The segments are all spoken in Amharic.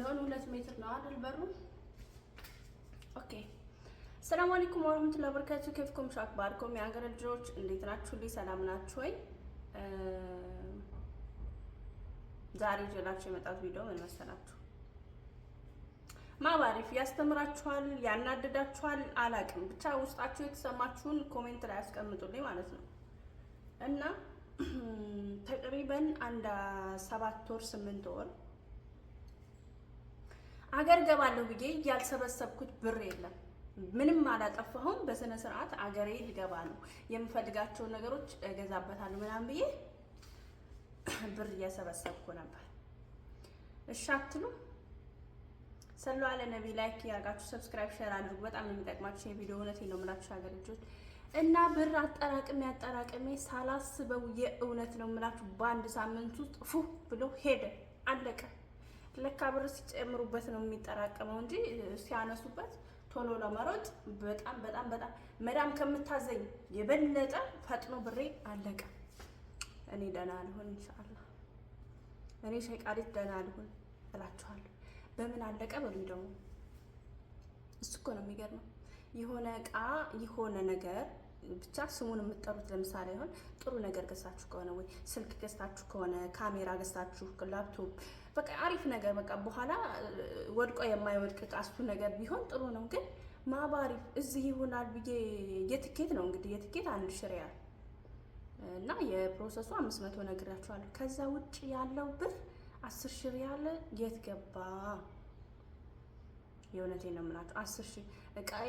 ያለውን ሁለት ሜትር ነው አይደል? በሩ ኦኬ። ሰላም አለይኩም ወራህመቱላሂ ወበረካቱ። ከፍኩም ሻክባርኩም የአገር ልጆች እንዴት ናችሁ? ልይ ሰላም ናችሁ ወይ? ዛሬ ይዤላችሁ የመጣሁት ቪዲዮ ምን መሰላችሁ? ማባሪፍ ያስተምራችኋል፣ ያናድዳችኋል፣ አላቅም ብቻ ውስጣችሁ የተሰማችሁን ኮሜንት ላይ ያስቀምጡልኝ ማለት ነው እና ተቅሪበን አንድ ሰባት ወር ስምንት ወር አገር ገባለሁ ብዬ ያልሰበሰብኩት ብር የለም። ምንም አላጠፋሁም። በስነ ስርዓት አገሬ ልገባ ነው የምፈልጋቸውን ነገሮች እገዛበታለሁ ምናምን ብዬ ብር እየሰበሰብኩ ነበር። እሺ አትሉ ሰሎ አለ ነቢ ላይክ ያርጋችሁ፣ ሰብስክራይብ፣ ሼር አድርጉ። በጣም የሚጠቅማችሁ የቪዲዮ እውነት ነው የምላችሁ ሀገር ልጆች እና ብር አጠራቅሜ አጠራቅሜ ሳላስበው የእውነት ነው የምላችሁ በአንድ ሳምንት ውስጥ ፉ ብሎ ሄደ አለቀ። ለካ ብር ሲጨምሩበት ነው የሚጠራቀመው እንጂ ሲያነሱበት ቶሎ ለመሮጥ በጣም በጣም በጣም መዳም ከምታዘኝ የበለጠ ፈጥኖ ብሬ አለቀ። እኔ ደህና አልሁን ኢንሻአላህ፣ እኔ ሸቃሪት ደህና አልሁን እላችኋለሁ። በምን አለቀ በሉኝ። ደግሞ እሱ እኮ ነው የሚገርመው የሆነ እቃ የሆነ ነገር ብቻ ስሙን የምጠሩት ለምሳሌ አሁን ጥሩ ነገር ገዝታችሁ ከሆነ ወይ ስልክ ገዝታችሁ ከሆነ ካሜራ ገዝታችሁ ላፕቶፕ፣ በቃ አሪፍ ነገር በቃ በኋላ ወድቆ የማይወድቅ ቃሱ ነገር ቢሆን ጥሩ ነው። ግን ማባሪ እዚህ ይሆናል ብዬ የትኬት ነው እንግዲህ የትኬት አንድ ሽሪያል እና የፕሮሰሱ አምስት መቶ ነግራችኋለሁ። ከዛ ውጭ ያለው ብር አስር ሺህ ሪያል የት ገባ? የእውነቴ ነው የምላችሁ አስር ሺህ እቃዬ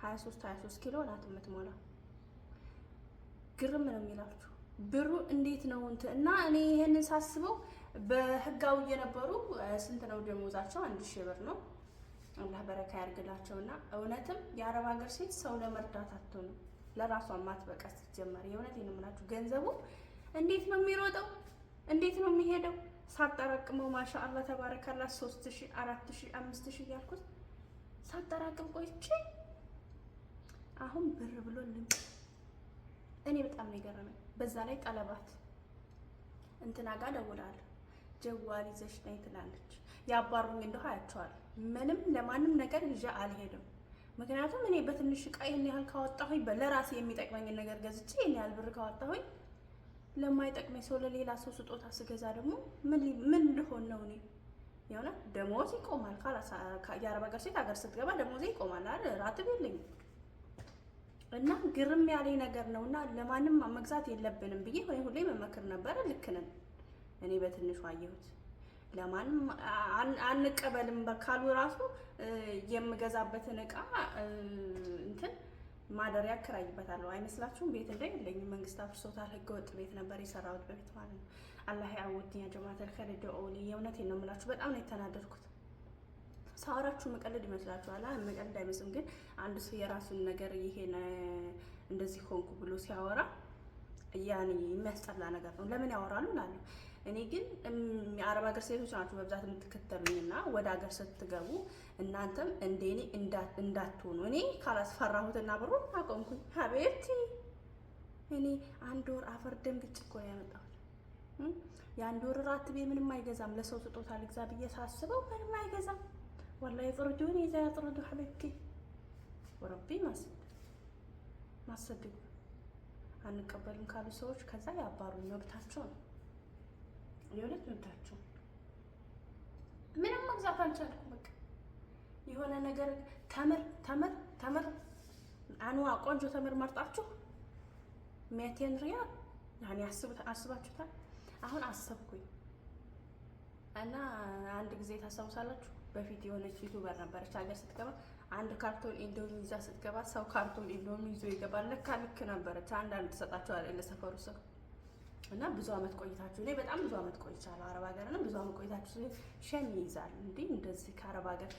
23 23 ኪሎ ናት የምትሞላው። ግርም ነው የሚላችሁ ብሩ እንዴት ነው እንትን እና እኔ ይህንን ሳስበው በህጋዊ የነበሩ ስንት ነው ደሞዛቸው? አንድ ሺህ ብር ነው። አላህ በረካ ያርግላቸው እና እውነትም የአረብ ሀገር ሴት ሰው ለመርዳት አትሆኑ ለራሷ ማትበቃ ስትጀመር፣ የእውነት የምላችሁ ገንዘቡ እንዴት ነው የሚሮጠው? እንዴት ነው የሚሄደው? ሳጠራቅመው ማሻ አላ ተባረካላ ሶስት ሺህ አራት ሺህ አምስት ሺህ እያልኩት ሳጠራቅም ቆይቼ አሁን ብር ብሎ ልም እኔ በጣም ነው የገረመኝ። በዛ ላይ ጠለባት እንትና ጋር ደውላል ጀዋል ይዘሽ ነይ ትላለች። ያባሩኝ እንደው አያቸዋል። ምንም ለማንም ነገር ይዤ አልሄድም። ምክንያቱም እኔ በትንሽ ዕቃ ይህን ያህል ካወጣሁኝ ለራሴ የሚጠቅመኝን ነገር ገዝቼ ይህን ያህል ብር ካወጣሁኝ ለማይጠቅመኝ ሰው ለሌላ ሰው ስጦታ ስገዛ ደግሞ ምን ልሆን ነው እኔ? የሆነ ደሞዝ ይቆማል። የአረብ ሀገር ሴት ሀገር ስትገባ ደሞዝ ይቆማል ራትብ የለኝም እና ግርም ያለኝ ነገር ነው እና ለማንም መግዛት የለብንም ብዬ ወይ ሁሌ መመክር ነበረ። ልክ ነን። እኔ በትንሹ አየሁት። ለማንም አንቀበልም በካሉ ራሱ የምገዛበትን እቃ እንትን ማደሪያ አከራይበታለሁ። አይመስላችሁም? ቤት እንደሌለኝም መንግስት አፍርሶታል። ወጥ ቤት ነበር የሰራሁት በፊት ማለት ነው። አላህ ያውድኛ ጀማተል ከልደ ኦሊ የእውነቴን ነው የምላችሁ። በጣም ነው የተናደድኩት። ሳወራችሁ መቀለድ ይመስላችኋል። መቀለድ አይመስልም፣ ግን አንድ ሰው የራሱን ነገር ይሄን እንደዚህ ሆንኩ ብሎ ሲያወራ ያኔ የሚያስጠላ ነገር ነው። ለምን ያወራሉ እላለሁ። እኔ ግን የአረብ ሀገር ሴቶች ናቸው በብዛት የምትከተሉኝ እና ወደ ሀገር ስትገቡ እናንተም እንደ እኔ እንዳትሆኑ። እኔ ካላስፈራሁትና ብሮ አቆምኩኝ። አቤት እኔ አንድ ወር አፈር ደም ግጭ እኮ ነው ያመጣሁት። የአንድ ወር ራትቤ ምንም አይገዛም። ለሰው ስጦታ ልግዛ ብዬ ሳስበው ምንም አይገዛም። ወላ የጥርዱን ይዛ ያጥርዱ ሐበቲ ወረቢ ማሰደግ ማሰደግ አንቀበልም ካሉ ሰዎች ከዛ ያባሩ መብታቸው ነው። የሁለት መብታቸው ምንም መግዛት አልቻልኩም። በቃ የሆነ ነገር ተምር ተምር ተምር አንዋ ቆንጆ ተምር መርጣችሁ ሜቴን ሪያል ያኔ አስባችሁታል። አሁን አሰብኩኝ እና አንድ ጊዜ ታስታውሳላችሁ በፊት የሆነች ዩቱበር ነበረች። ሀገር ስትገባ አንድ ካርቶን ኢንዶሚ ይዛ ስትገባ ሰው ካርቶን ኢንዶሚ ይዞ ይገባል። ለካ ልክ ነበረች። አንዳንድ ትሰጣቸዋል ለሰፈሩ ሰው እና ብዙ አመት ቆይታችሁ እኔ በጣም ብዙ አመት ቆይቻለሁ አረብ ሀገር እና ብዙ አመት ቆይታችሁ ሸም ይይዛል እንዴ እንደዚህ ከአረብ ሀገር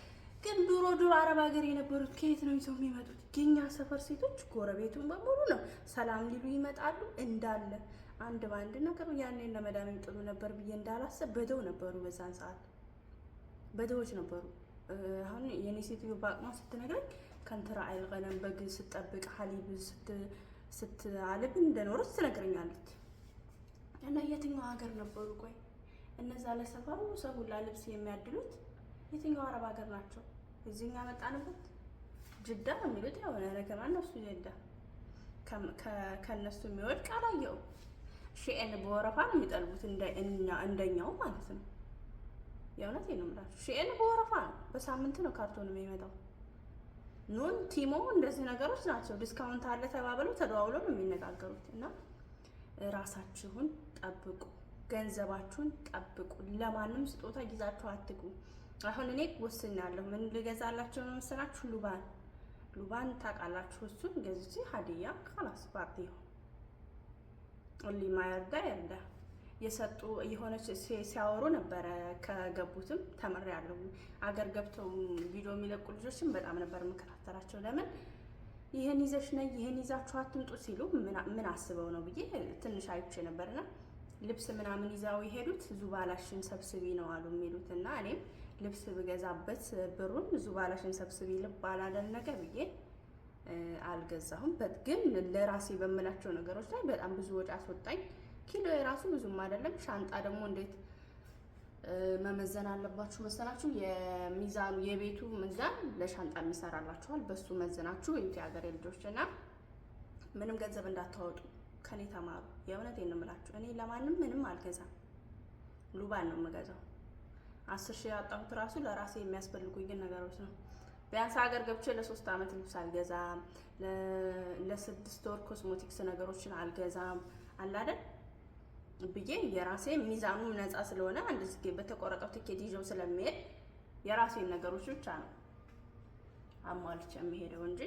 ግን ድሮ ድሮ አረብ ሀገር የነበሩት ከየት ነው ይዘው የሚመጡት? የኛ ሰፈር ሴቶች ጎረቤቱን በሙሉ ነው ሰላም ሊሉ ይመጣሉ። እንዳለ አንድ በአንድ ነገሩ ያኔ ለመዳንም ጥሩ ነበር ብዬ እንዳላሰብ በደው ነበሩ በዛን ሰዓት በድሆች ነበሩ። አሁን የኔ ሴትዮ በአቅሟ ስትነግረኝ ከንትራ አይልቀለም በግ ስጠብቅ ሀሊብ ስትአልብ እንደኖረች ትነግረኛለች። እና የትኛው ሀገር ነበሩ? ቆይ እነዛ ለሰፈሩ ሰው ሁላ ልብስ የሚያድሉት የትኛው አረብ ሀገር ናቸው? እዚህኛ መጣንበት ጅዳ የሚሉት የሆነ ረገማ እነሱ ጅዳ ከእነሱ የሚወድቅ አላየው። ሺኤን በወረፋ ነው የሚጠልቡት እንደኛው ማለት ነው። የእውነት ነው የምላችሁ። ሺኤን በወረፋ ነው፣ በሳምንት ነው ካርቶን የሚመጣው። ኑን ቲሞ እንደዚህ ነገሮች ናቸው። ዲስካውንት አለ ተባብሎ ተደዋውሎ ነው የሚነጋገሩት። እና ራሳችሁን ጠብቁ፣ ገንዘባችሁን ጠብቁ። ለማንም ስጦታ ይዛችሁ አትግቡ። አሁን እኔ ወስኛለሁ። ምን ልገዛላችሁ ነው መሰላችሁ? ሉባን ሉባን ታውቃላችሁ። እሱን ገዝቼ ሀዲያ ካላስ ፓርቲ ሊማ ያርዳ ያርዳ የሰጡ የሆነች ሲያወሩ ነበረ። ከገቡትም ተምር ያለው አገር ገብተው ቪዲዮ የሚለቁ ልጆችም በጣም ነበር የምከታተላቸው። ለምን ይህን ይዘሽ ነይ ይህን ይዛችሁ አትምጡ ሲሉ ምን አስበው ነው ብዬ ትንሽ አይቼ ነበርና ልብስ ምናምን ይዛው የሄዱት ዙባላሽን ሰብስቢ ነው አሉ የሚሉት እና እኔም ልብስ ብገዛበት ብሩን ዙባላሽን ሰብስቢ ልብ አላለን ነገር ብዬ አልገዛሁም። ግን ለራሴ በምላቸው ነገሮች ላይ በጣም ብዙ ወጪ አስወጣኝ። ኪሎ የራሱ ብዙም አይደለም። ሻንጣ ደግሞ እንዴት መመዘን አለባችሁ መሰላችሁ? የሚዛኑ የቤቱ ሚዛን ለሻንጣ የሚሰራላችኋል። በሱ መዘናችሁ ወይም የሀገሬ ልጆች እና ምንም ገንዘብ እንዳታወጡ ከኔ ተማሩ። የእውነት የንምላችሁ እኔ ለማንም ምንም አልገዛም፣ ሉባን ነው የምገዛው። አስር ሺህ ያወጣሁት ራሱ ለራሴ የሚያስፈልጉኝ ነገሮች ነው። ቢያንስ ሀገር ገብቼ ለሶስት አመት ልብስ አልገዛም፣ ለስድስት ወር ኮስሞቲክስ ነገሮችን አልገዛም። አላደል ብዬ የራሴ ሚዛኑ ነፃ ስለሆነ አንድ ጊዜ በተቆረጠው ትኬት ይዤው ስለሚሄድ የራሴን ነገሮች ብቻ ነው አሟልቼ የሚሄደው እንጂ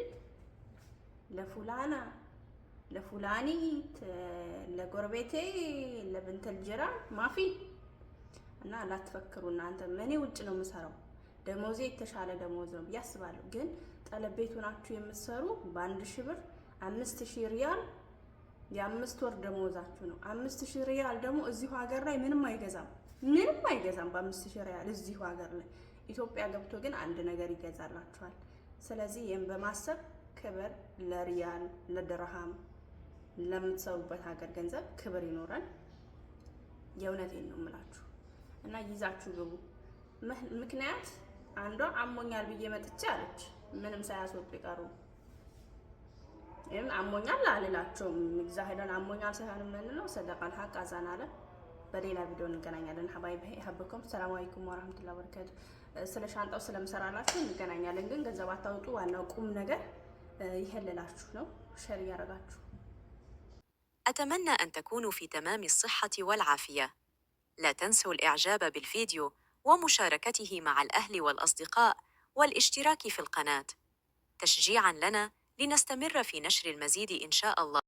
ለፉላና ለፉላኒት ለጎረቤቴ ለብንተል ጅራ ማፊ እና ላትፈክሩ እናንተ እኔ ውጭ ነው የምሰራው። ደሞዜ የተሻለ ደሞዝ ነው ብዬ አስባለሁ። ግን ጠለቤት ሆናችሁ የምትሰሩ በአንድ ሺህ ብር አምስት ሺህ ሪያል የአምስት ወር ደሞዛችሁ ነው። አምስት ሺህ ሪያል ደግሞ እዚሁ ሀገር ላይ ምንም አይገዛም፣ ምንም አይገዛም። በአምስት ሺህ ሪያል እዚሁ ሀገር ላይ ኢትዮጵያ ገብቶ ግን አንድ ነገር ይገዛላችኋል። ስለዚህ ይህም በማሰብ ክብር ለሪያል ለድርሃም፣ ለምትሰሩበት ሀገር ገንዘብ ክብር ይኖረን የእውነቴን ነው የምላችሁ እና ይዛችሁ ግቡ። ምክንያት አንዷ አሞኛል ብዬ መጥቼ አለች ምንም ሳያስወጡ ይቀሩ ይህም አሞኛል አልላቸውም። እግዚአብሔርን አሞኛል ሳይሆን የምንለው ሰደቃል ሀቅ አዛን አለ። በሌላ ቪዲዮ እንገናኛለን። ሀባይብ ሀብኩም ሰላም አለይኩም ወራህመቱላ በረከቱ። ስለ ሻንጣው ስለምሰራላችሁ እንገናኛለን። ግን ገንዘብ አታውጡ። ዋናው ቁም ነገር ይሄልላችሁ ነው። ሸር እያረጋችሁ أتمنى أن تكونوا في تمام الصحة والعافية. لا تنسوا الإعجاب بالفيديو ومشاركته مع الأهل والأصدقاء والاشتراك في القناة تشجيعا لنا لنستمر في نشر المزيد إن شاء الله